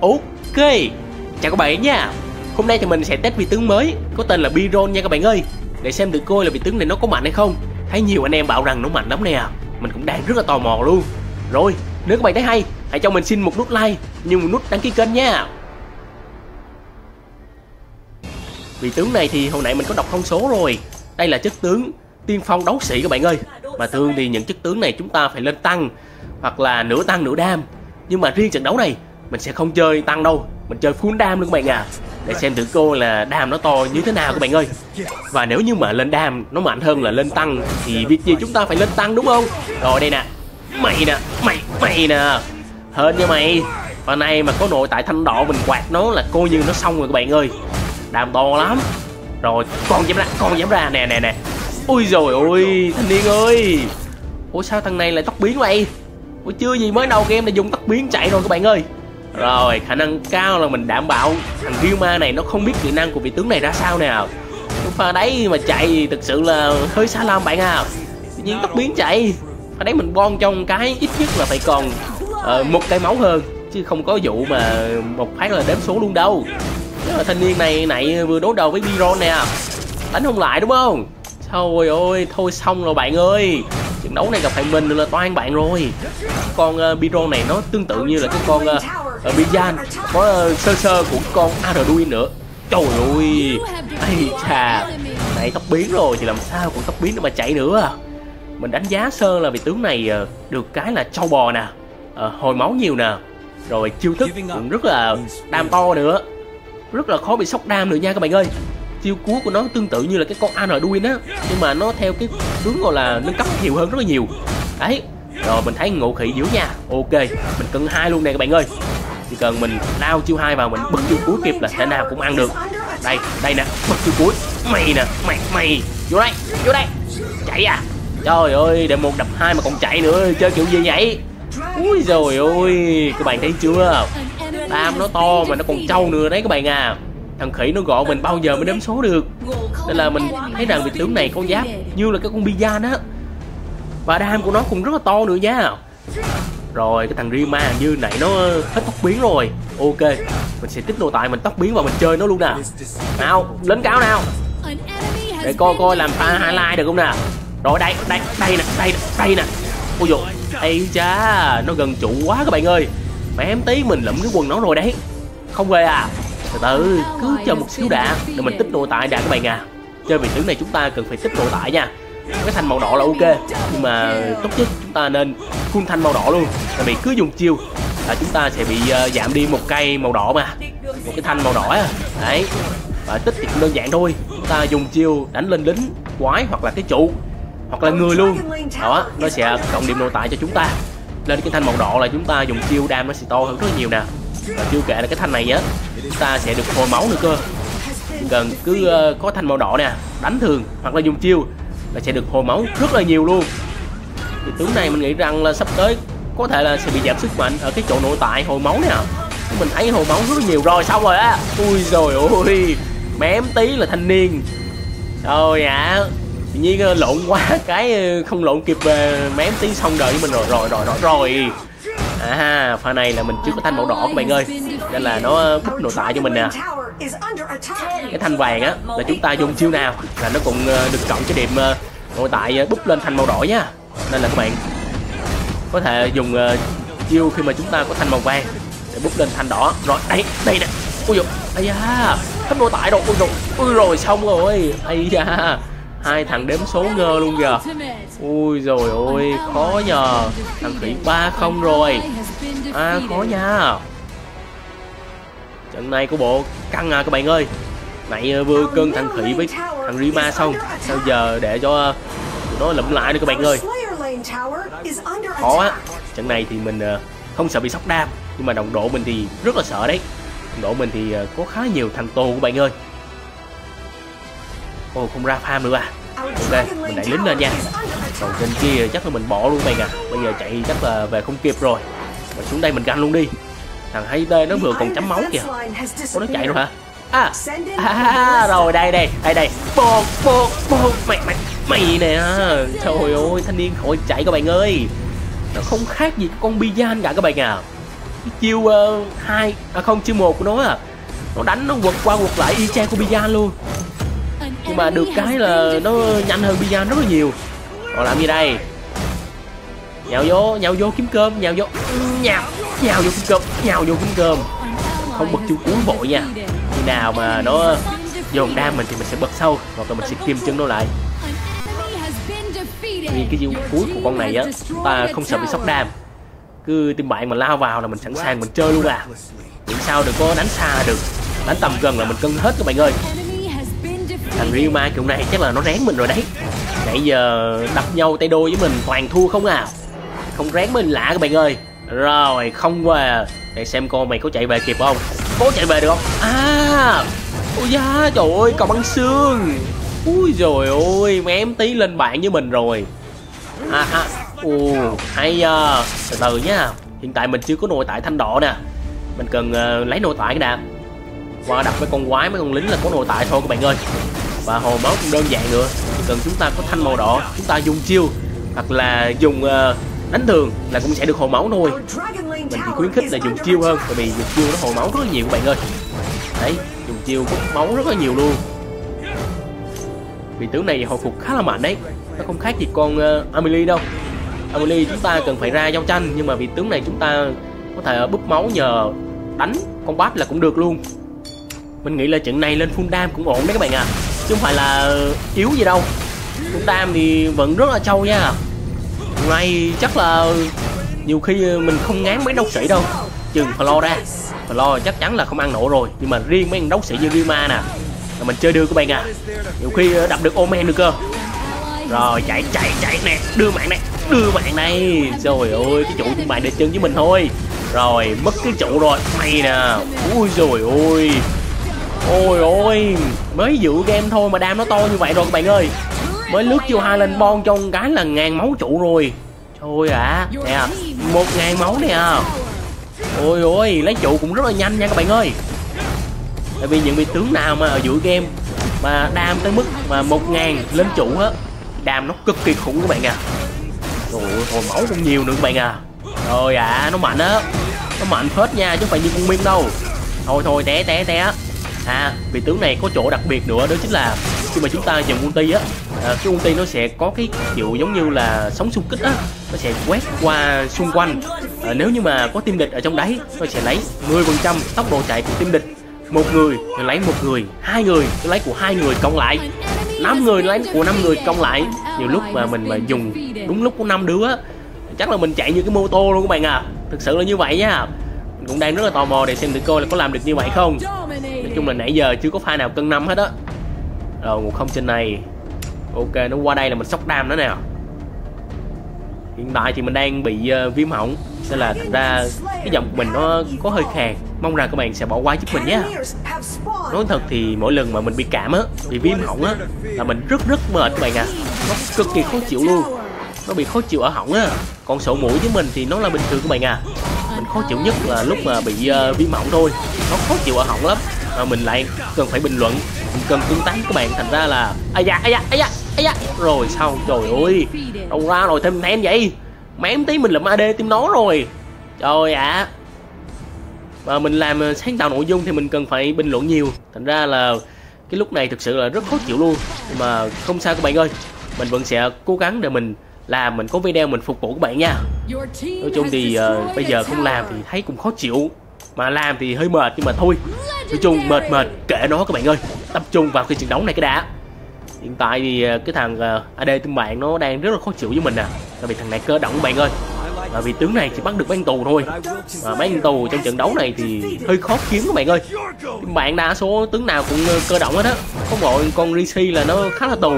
Ok Chào các bạn nha Hôm nay thì mình sẽ test vị tướng mới Có tên là Biron nha các bạn ơi Để xem thử coi là vị tướng này nó có mạnh hay không Thấy nhiều anh em bảo rằng nó mạnh lắm nè Mình cũng đang rất là tò mò luôn Rồi nếu các bạn thấy hay Hãy cho mình xin một nút like Như một nút đăng ký kênh nha Vị tướng này thì hồi nãy mình có đọc thông số rồi Đây là chất tướng tiên phong đấu sĩ các bạn ơi Mà thường thì những chất tướng này chúng ta phải lên tăng Hoặc là nửa tăng nửa đam Nhưng mà riêng trận đấu này mình sẽ không chơi tăng đâu mình chơi full đam luôn các bạn à để xem thử cô là đam nó to như thế nào các bạn ơi và nếu như mà lên đam nó mạnh hơn là lên tăng thì việc gì chúng ta phải lên tăng đúng không rồi đây nè mày nè mày mày nè hên nha mày và nay mà có nội tại thanh đỏ mình quạt nó là coi như nó xong rồi các bạn ơi đam to lắm rồi con dám ra con dám ra nè nè nè ui rồi ôi thanh niên ơi ủa sao thằng này lại tóc biến vậy ủa chưa gì mới đầu game đã dùng tóc biến chạy rồi các bạn ơi rồi khả năng cao là mình đảm bảo thằng Ryuma này nó không biết kỹ năng của vị tướng này ra sao nào Pha đấy mà chạy thực sự là hơi xa lắm bạn à Tự nhiên tóc biến chạy Pha đấy mình bon trong cái ít nhất là phải còn uh, một cây máu hơn Chứ không có vụ mà một phát là đếm số luôn đâu Nếu mà thanh niên này nãy vừa đối đầu với Biron nè Đánh không lại đúng không Thôi ôi thôi xong rồi bạn ơi trận đấu này gặp phải mình là toan bạn rồi con uh, ờ, Biro này nó tương tự như là cái con uh, ở ờ, Bijan có ờ, sơ sơ của con Arduin nữa trời ơi ây chà này tóc biến rồi thì làm sao còn tóc biến mà chạy nữa mình đánh giá sơ là vị tướng này ờ, được cái là trâu bò nè hồi máu nhiều nè rồi chiêu thức cũng rất là đam to nữa rất là khó bị sốc đam nữa nha các bạn ơi chiêu cuối của nó tương tự như là cái con Arduin á nhưng mà nó theo cái hướng gọi là nâng cấp nhiều hơn rất là nhiều đấy rồi mình thấy ngộ khỉ dữ nha ok mình cân hai luôn nè các bạn ơi chỉ cần mình lao chiêu hai vào mình bật chiêu cuối kịp là thế nào cũng ăn được đây đây nè bật chiêu cuối mày nè mày mày vô đây vô đây chạy à trời ơi để một đập hai mà còn chạy nữa chơi kiểu gì vậy ui rồi ôi các bạn thấy chưa tam nó to mà nó còn trâu nữa đấy các bạn à thằng khỉ nó gọi mình bao giờ mới đếm số được nên là mình thấy rằng vị tướng này có giáp như là cái con pizza đó và đam của nó cũng rất là to nữa nha rồi cái thằng Rima hàng như này nó hết tóc biến rồi Ok Mình sẽ tích nội tại mình tóc biến và mình chơi nó luôn nè Nào lính cáo nào Để coi coi làm ta highlight được không nè Rồi đây đây đây nè đây nè đây nè Ôi dồi Ây cha Nó gần trụ quá các bạn ơi Mẹ em tí mình lụm cái quần nó rồi đấy Không về à Từ từ cứ chờ một xíu đã Để mình tích nội tại đã các bạn à Chơi vị tướng này chúng ta cần phải tích nội tại nha cái thanh màu đỏ là ok nhưng mà tốt nhất chúng ta nên full thanh màu đỏ luôn tại vì cứ dùng chiêu là chúng ta sẽ bị uh, giảm đi một cây màu đỏ mà một cái thanh màu đỏ đấy và tích thì cũng đơn giản thôi chúng ta dùng chiêu đánh lên lính quái hoặc là cái trụ hoặc là người luôn đó nó sẽ cộng điểm nội tại cho chúng ta lên cái thanh màu đỏ là chúng ta dùng chiêu đam nó sẽ to hơn rất nhiều nè và chưa kể là cái thanh này á chúng ta sẽ được hồi máu nữa cơ cần cứ uh, có thanh màu đỏ nè đánh thường hoặc là dùng chiêu là sẽ được hồi máu rất là nhiều luôn thì tướng này mình nghĩ rằng là sắp tới có thể là sẽ bị giảm sức mạnh ở cái chỗ nội tại hồi máu này ạ mình thấy hồi máu rất nhiều rồi xong rồi á ui rồi ôi mém tí là thanh niên rồi ạ à. tự nhiên ờ, lộn quá cái ờ, không lộn kịp về ờ, mém tí xong đợi mình rồi rồi rồi rồi rồi à pha này là mình chưa có thanh màu đỏ các bạn ơi nên là nó bút nội tại cho mình nè cái thanh vàng á là chúng ta dùng chiêu nào là nó cũng ờ, được cộng cái điểm ờ, nội tại ờ, búp lên thanh màu đỏ nhá nên là các bạn có thể dùng chiêu khi mà chúng ta có thanh màu vàng để búp lên thanh đỏ rồi đây đây nè ui dồi ây da hết nội tại rồi ui rồi ui rồi xong rồi ây da hai thằng đếm số ngơ luôn kìa ui rồi ôi khó nhờ thằng khỉ ba không rồi à khó nha trận này của bộ căng à các bạn ơi nãy ờ, vừa cơn thằng khỉ với thằng rima xong sao giờ để cho ờ, nó lụm lại nữa các bạn ơi khó á trận này thì mình ờ, không sợ bị sóc đam nhưng mà đồng độ mình thì rất là sợ đấy đồng độ mình thì có khá nhiều thằng tù của bạn ơi ô không ra farm nữa à ok mình đẩy lính lên nha còn trên kia chắc là mình bỏ luôn các bạn à bây giờ chạy chắc là về không kịp rồi mình xuống đây mình canh luôn đi Thằng hay Hayter nó vừa còn chấm máu kìa Ủa nó chạy rồi hả à, à, à, à rồi đây đây đây đây bột bột bột mày mày mày nè trời ơi thanh niên khỏi chạy các bạn ơi nó không khác gì con bijan cả các bạn à cái chiêu uh, hai à không chiêu một của nó à nó đánh nó quật qua quật lại y chang của bijan luôn nhưng mà được cái là nó nhanh hơn bijan rất là nhiều họ làm gì đây nhào vô nhào vô kiếm cơm nhào vô nhào nhào vô cơm nhào vô cánh cơm không bật chân cuối vội nha khi nào mà nó dồn đam mình thì mình sẽ bật sâu hoặc là mình sẽ kim chân nó lại vì cái chiêu cuối của con này á ta không sợ bị sốc đam cứ tìm bạn mà lao vào là mình sẵn sàng mình chơi luôn à miễn sao đừng có đánh xa được đánh tầm gần là mình cân hết các bạn ơi thằng Ryu Ma kiểu này chắc là nó ráng mình rồi đấy nãy giờ đập nhau tay đôi với mình toàn thua không à không ráng mình lạ các bạn ơi rồi không về Để xem cô mày có chạy về kịp không Có chạy về được không À Ôi da trời ơi cầu băng xương Ui rồi ôi Mẹ em tí lên bạn với mình rồi Ha ha. Ồ hay giờ Từ từ nha Hiện tại mình chưa có nội tại thanh đỏ nè Mình cần uh, lấy nội tại cái đạp Qua đập mấy con quái mấy con lính là có nội tại thôi các bạn ơi Và hồ máu cũng đơn giản nữa Chỉ cần chúng ta có thanh màu đỏ Chúng ta dùng chiêu Hoặc là dùng uh, đánh thường là cũng sẽ được hồi máu thôi mình chỉ khuyến khích là dùng chiêu hơn bởi vì dùng chiêu nó hồi máu rất là nhiều các bạn ơi đấy dùng chiêu hút máu rất là nhiều luôn vì tướng này hồi phục khá là mạnh đấy nó không khác gì con uh, Amelie đâu Amelie chúng ta cần phải ra giao tranh nhưng mà vì tướng này chúng ta có thể ờ, búp máu nhờ đánh con bát là cũng được luôn mình nghĩ là trận này lên full dam cũng ổn đấy các bạn ạ à. chứ không phải là ờ, yếu gì đâu full dam thì vẫn rất là trâu nha trận này chắc là nhiều khi mình không ngán mấy đấu sĩ đâu chừng lo ra lo chắc chắn là không ăn nổ rồi nhưng mà riêng mấy đấu sĩ như Rima nè là mình chơi đưa các bạn à nhiều khi ờ, đập được Omen được cơ rồi chạy chạy chạy nè đưa mạng này đưa mạng này rồi ơi cái trụ của bạn để chân với mình thôi rồi mất cái trụ rồi mày nè ui rồi ôi ôi ôi mới dự game thôi mà đam nó to như vậy rồi các bạn ơi mới lướt chiêu hai lên bon cho con cái là ngàn máu trụ rồi thôi ạ à. nè một ngàn máu nè ôi ôi lấy trụ cũng rất là nhanh nha các bạn ơi tại vì những vị tướng nào mà ở giữa game mà đam tới mức mà một ngàn lên trụ á đam nó cực kỳ khủng các bạn à rồi hồi máu cũng nhiều nữa các bạn à rồi ạ à, nó mạnh á nó mạnh hết nha chứ không phải như con miên đâu thôi thôi té té té à vị tướng này có chỗ đặc biệt nữa đó chính là khi mà chúng ta dùng ulti á à, cái ulti nó sẽ có cái kiểu giống như là sóng xung kích á nó sẽ quét qua xung quanh à, nếu như mà có team địch ở trong đấy nó sẽ lấy 10% tốc độ chạy của team địch một người thì lấy một người hai người thì lấy của hai người cộng lại năm người lấy của năm người cộng lại nhiều lúc mà mình mà dùng đúng lúc của năm đứa chắc là mình chạy như cái mô tô luôn các bạn à thực sự là như vậy nha mình cũng đang rất là tò mò để xem thử coi là có làm được như vậy không chung là nãy giờ chưa có pha nào cân năm hết á rồi ngủ không trên này ok nó qua đây là mình sóc đam nữa nào hiện tại thì mình đang bị uh, viêm họng nên là thật ra cái giọng của mình nó có hơi khàn mong rằng các bạn sẽ bỏ qua giúp mình nhé nói thật thì mỗi lần mà mình bị cảm á bị viêm họng á là mình rất rất mệt các bạn ạ à. nó cực kỳ khó chịu luôn nó bị khó chịu ở họng á còn sổ mũi với mình thì nó là bình thường các bạn à mình khó chịu nhất là lúc mà bị uh, viêm họng thôi nó khó chịu ở họng lắm rồi mình lại cần phải bình luận mình cần tương tác các bạn thành ra là ai da ai da ai da ai da rồi sao trời ơi đâu ra rồi thêm thêm vậy mém tí mình lụm ad tim nó rồi trời ạ à. mà mình làm ờ, sáng tạo nội dung thì mình cần phải bình luận nhiều thành ra là cái lúc này thực sự là rất khó chịu luôn nhưng mà không sao các bạn ơi mình vẫn sẽ cố gắng để mình làm mình có video mình phục vụ các bạn nha nói chung thì uh, bây giờ không làm thì thấy cũng khó chịu mà làm thì hơi mệt nhưng mà thôi nói chung mệt mệt kệ nó các bạn ơi tập trung vào cái trận đấu này cái đã hiện tại thì ờ, cái thằng ờ, AD tim bạn nó đang rất là khó chịu với mình nè à. tại vì thằng này cơ động các bạn ơi và vì tướng này chỉ bắt được bán tù thôi mà bán tù trong trận đấu này thì hơi khó kiếm các bạn ơi bạn đa số tướng nào cũng ờ, cơ động hết á có mỗi con Rishi là nó khá là tù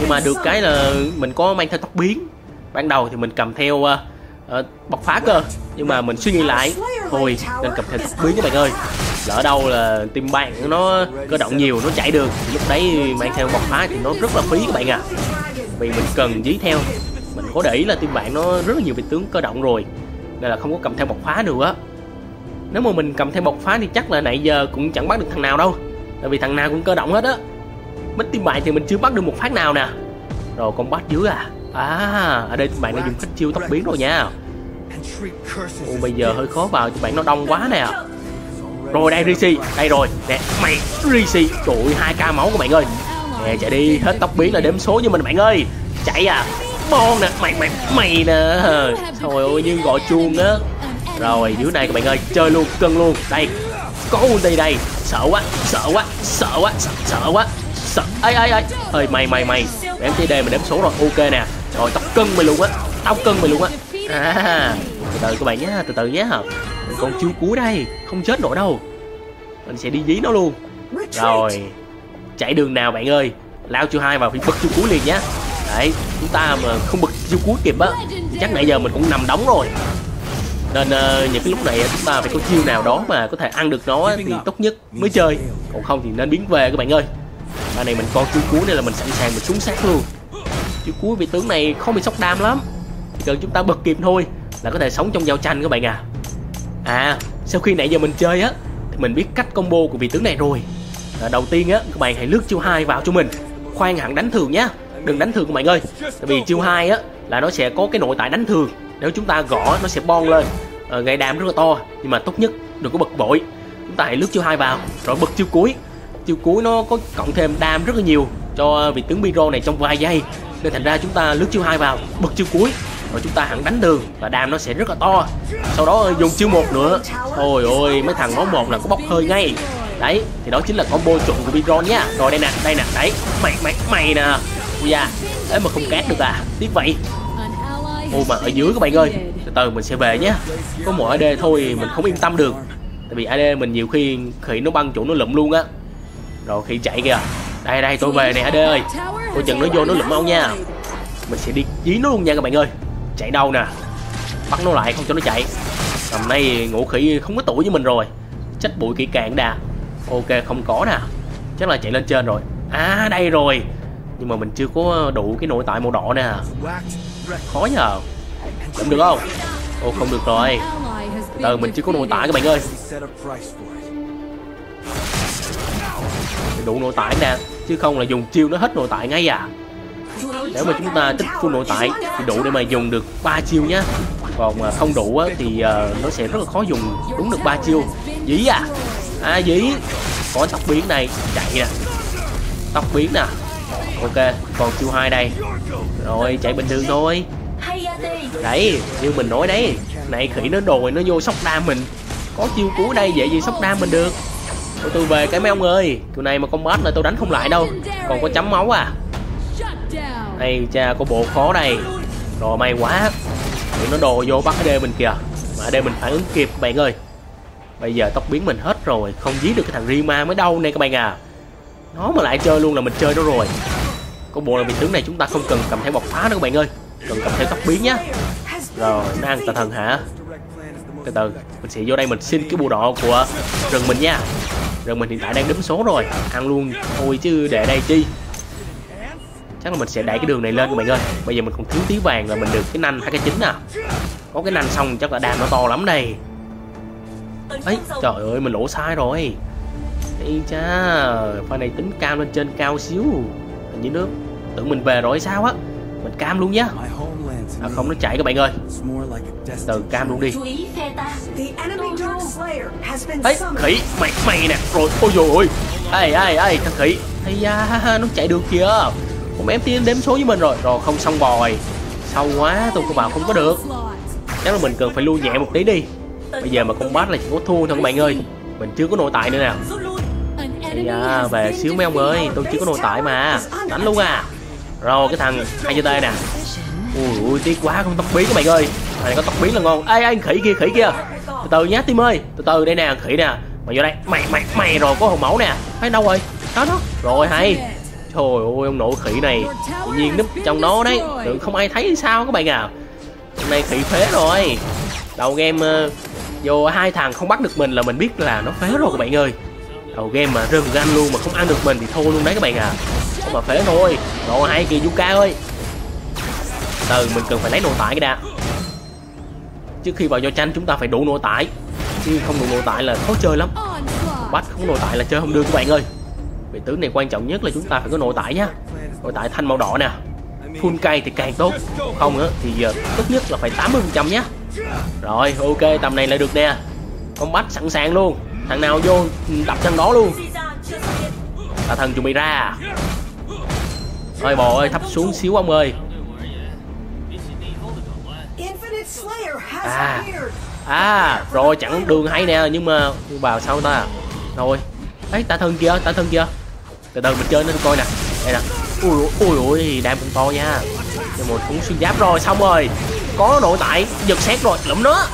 nhưng mà được cái là mình có mang theo tóc biến ban đầu thì mình cầm theo Ờ, bộc phá cơ nhưng mà mình suy nghĩ lại thôi nên cầm thêm biến các bạn ơi lỡ đâu là team bạn nó cơ động nhiều nó chạy được lúc đấy mang theo bộc phá thì nó rất là phí các bạn à vì mình cần dí theo mình có để ý là team bạn nó rất là nhiều vị tướng cơ động rồi nên là không có cầm theo bộc phá nữa nếu mà mình cầm theo bộc phá thì chắc là nãy giờ cũng chẳng bắt được thằng nào đâu tại vì thằng nào cũng cơ động hết á mít team bạn thì mình chưa bắt được một phát nào nè rồi con bắt dưới à À, ở đây tụi bạn đang dùng cách chiêu tóc biến rồi nha Ồ, bây giờ hơi khó vào, tụi bạn nó đông quá nè Rồi đây Rishi, đây rồi Nè, mày Rishi, trụi 2k máu của bạn ơi Nè, chạy đi, hết tóc biến là đếm số với mình bạn ơi Chạy à, bon nè, mày mày mày nè Trời ơi, như gọi chuông á Rồi, dưới này các bạn ơi, chơi luôn, cân luôn Đây, có ulti đây Sợ quá, sợ quá, sợ quá, sợ, sợ quá sợ Ai ai ai, ơi mày mày mày em chỉ đề mình đếm số rồi ok nè rồi tao cân mày luôn á Tao cân mày luôn á À Từ từ các bạn nhé Từ từ nhé Mình còn chiêu cuối đây Không chết nổi đâu Mình sẽ đi dí nó luôn Rồi Chạy đường nào bạn ơi Lao chưa hai vào phải bật chiêu cuối liền nhé Đấy Chúng ta mà không bật chiêu cuối kịp á Chắc nãy giờ mình cũng nằm đóng rồi nên uh, những cái lúc này chúng ta phải có chiêu nào đó mà có thể ăn được nó thì tốt nhất mới chơi còn không thì nên biến về các bạn ơi ba này mình con chiêu cuối nên là mình sẵn sàng mình xuống sát luôn chữ cuối vị tướng này không bị sốc đam lắm chỉ cần chúng ta bật kịp thôi là có thể sống trong giao tranh các bạn à à sau khi nãy giờ mình chơi á thì mình biết cách combo của vị tướng này rồi à, đầu tiên á các bạn hãy lướt chiêu hai vào cho mình khoan hẳn đánh thường nhá đừng đánh thường các bạn ơi tại vì chiêu hai á là nó sẽ có cái nội tại đánh thường nếu chúng ta gõ nó sẽ bon lên à, gây đam rất là to nhưng mà tốt nhất đừng có bật bội chúng ta hãy lướt chiêu hai vào rồi bật chiêu cuối chiêu cuối nó có cộng thêm đam rất là nhiều cho vị tướng Biro này trong vài giây nên thành ra chúng ta lướt chiêu hai vào bật chiêu cuối rồi chúng ta hẳn đánh đường và đam nó sẽ rất là to sau đó dùng chiêu một nữa ôi ôi mấy thằng máu một là có bốc hơi ngay đấy thì đó chính là combo chuẩn của Biron nhá rồi đây nè đây nè đấy mày mày mày nè ui da ấy mà không cát được à tiếc vậy ô mà ở dưới các bạn ơi từ từ mình sẽ về nhé có mỗi AD thôi mình không yên tâm được tại vì AD mình nhiều khi khỉ nó băng chủ nó lụm luôn á rồi khi chạy kìa đây đây tôi về nè hả ơi tôi chừng nó vô nó lụm ông nha mình sẽ đi dí nó luôn nha các bạn ơi chạy đâu nè bắt nó lại không cho nó chạy tầm nay ngũ khỉ không có tuổi với mình rồi trách bụi kỹ càng đà ok không có nè chắc là chạy lên trên rồi à đây rồi nhưng mà mình chưa có đủ cái nội tại màu đỏ nè khó nhờ cũng được không ô không được rồi từ mình chưa có nội tại các bạn ơi đủ nội tại nè chứ không là dùng chiêu nó hết nội tại ngay à nếu mà chúng ta tích full nội tại thì đủ để mà dùng được ba chiêu nhá còn không đủ thì ờ, nó sẽ rất là khó dùng đúng được ba chiêu dí à à dí có tóc biến này chạy nè tóc biến nè ok còn chiêu hai đây rồi chạy bình thường thôi đấy như mình nói đấy này khỉ nó đồi nó vô sóc đa mình có chiêu cuối đây vậy gì sóc đa mình được Ôi, tôi về cái mấy ông ơi tụi này mà con combat này tôi đánh không lại đâu còn có chấm máu à hay cha có bộ khó đây rồi may quá tụi nó đồ vô bắt đê mình kìa mà đê mình phản ứng kịp các bạn ơi bây giờ tóc biến mình hết rồi không giết được cái thằng rima mới đâu nè các bạn à nó mà lại chơi luôn là mình chơi đó rồi có bộ là vị tướng này chúng ta không cần cầm theo bọc phá nữa các bạn ơi cần cầm theo tóc biến nhá rồi nó ăn tà thần hả từ từ mình sẽ vô đây mình xin cái bùa đỏ của rừng mình nha rồi mình hiện tại đang đứng số rồi Ăn luôn thôi chứ để đây chi Chắc là mình sẽ đẩy cái đường này lên các bạn ơi Bây giờ mình còn thiếu tí vàng rồi mình được cái nanh hai cái chính à Có cái nanh xong chắc là đam nó to lắm đây ấy trời ơi mình lỗ sai rồi đi cha Pha này tính cao lên trên cao xíu Hình như nước Tưởng mình về rồi sao á mình cam luôn nhé à, không nó chạy các bạn ơi từ cam luôn đi ấy khỉ mày mày nè rồi ôi dồi ôi ai ai ai thằng khỉ ây da nó chạy được kìa không em tiên đếm số với mình rồi rồi không xong bòi, sâu quá tôi cũng bảo không có được chắc là mình cần phải lui nhẹ một tí đi bây giờ mà con bát là chỉ có thua thôi các bạn ơi mình chưa có nội tại nữa nào ây da về xíu mấy ông ơi tôi chưa có nội tại mà đánh luôn à rồi cái thằng hai AJT nè ui ui tiếc quá không tóc biến các bạn ơi thằng này có tóc biến là ngon ê anh khỉ kia khỉ kia từ từ nhá tim ơi từ từ đây nè khỉ nè mày vô đây mày mày mày rồi có hồng máu nè thấy đâu rồi đó đó rồi hay trời ơi ông nội khỉ này tự nhiên núp trong nó đấy tưởng không ai thấy sao các bạn à hôm nay khỉ phế rồi đầu game ờ, vô hai thằng không bắt được mình là mình biết là nó phế rồi các bạn ơi đầu game mà rừng gan luôn mà không ăn được mình thì thua luôn đấy các bạn à mà phế thôi Độ hai kìa Yuka ơi Từ mình cần phải lấy nội tải cái đã Trước khi vào giao tranh chúng ta phải đủ nội tải Chứ không đủ nội tải là khó chơi lắm Bách không nội tải là chơi không được các bạn ơi Vị tướng này quan trọng nhất là chúng ta phải có nội tải nhá Nội tải thanh màu đỏ nè phun cay thì càng tốt Không á thì giờ tốt nhất là phải 80% nhá Rồi ok tầm này là được nè Ông Bách sẵn sàng luôn Thằng nào vô ừ, đập chân đó luôn là thần chuẩn bị ra Thôi bồ ơi thấp xuống xíu ông ơi À À rồi chẳng đường hay nè nhưng mà vào sau ta Rồi ấy tả thân kia tả thân kia Từ từ mình chơi nó coi nè Đây nè Ui ui ui đam cũng to nha Nhưng mà cũng xuyên giáp rồi xong rồi Có nội tại giật xét rồi lụm nó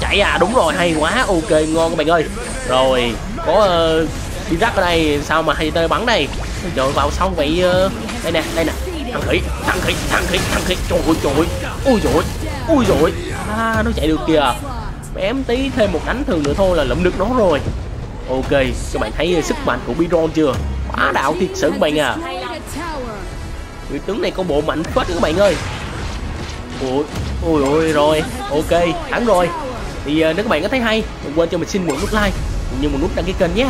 Chạy à đúng rồi hay quá ok ngon các bạn ơi Rồi có uh, đi rắc ở đây sao mà hay tơi bắn đây Trời vào xong vậy uh, đây nè đây nè thằng khỉ thằng khỉ thằng khỉ thằng khỉ trời ơi trời ơi ui dội ui dội à, nó chạy được kìa bém tí thêm một đánh thường nữa thôi là lụm được nó rồi ok các bạn thấy sức mạnh của biron chưa quá đạo thiệt sự các bạn à vị tướng này có bộ mạnh quá các bạn ơi ui ui ôi rồi ok thắng rồi thì à, nếu các bạn có thấy hay đừng quên cho mình xin một nút like cũng như một nút đăng ký kênh nhé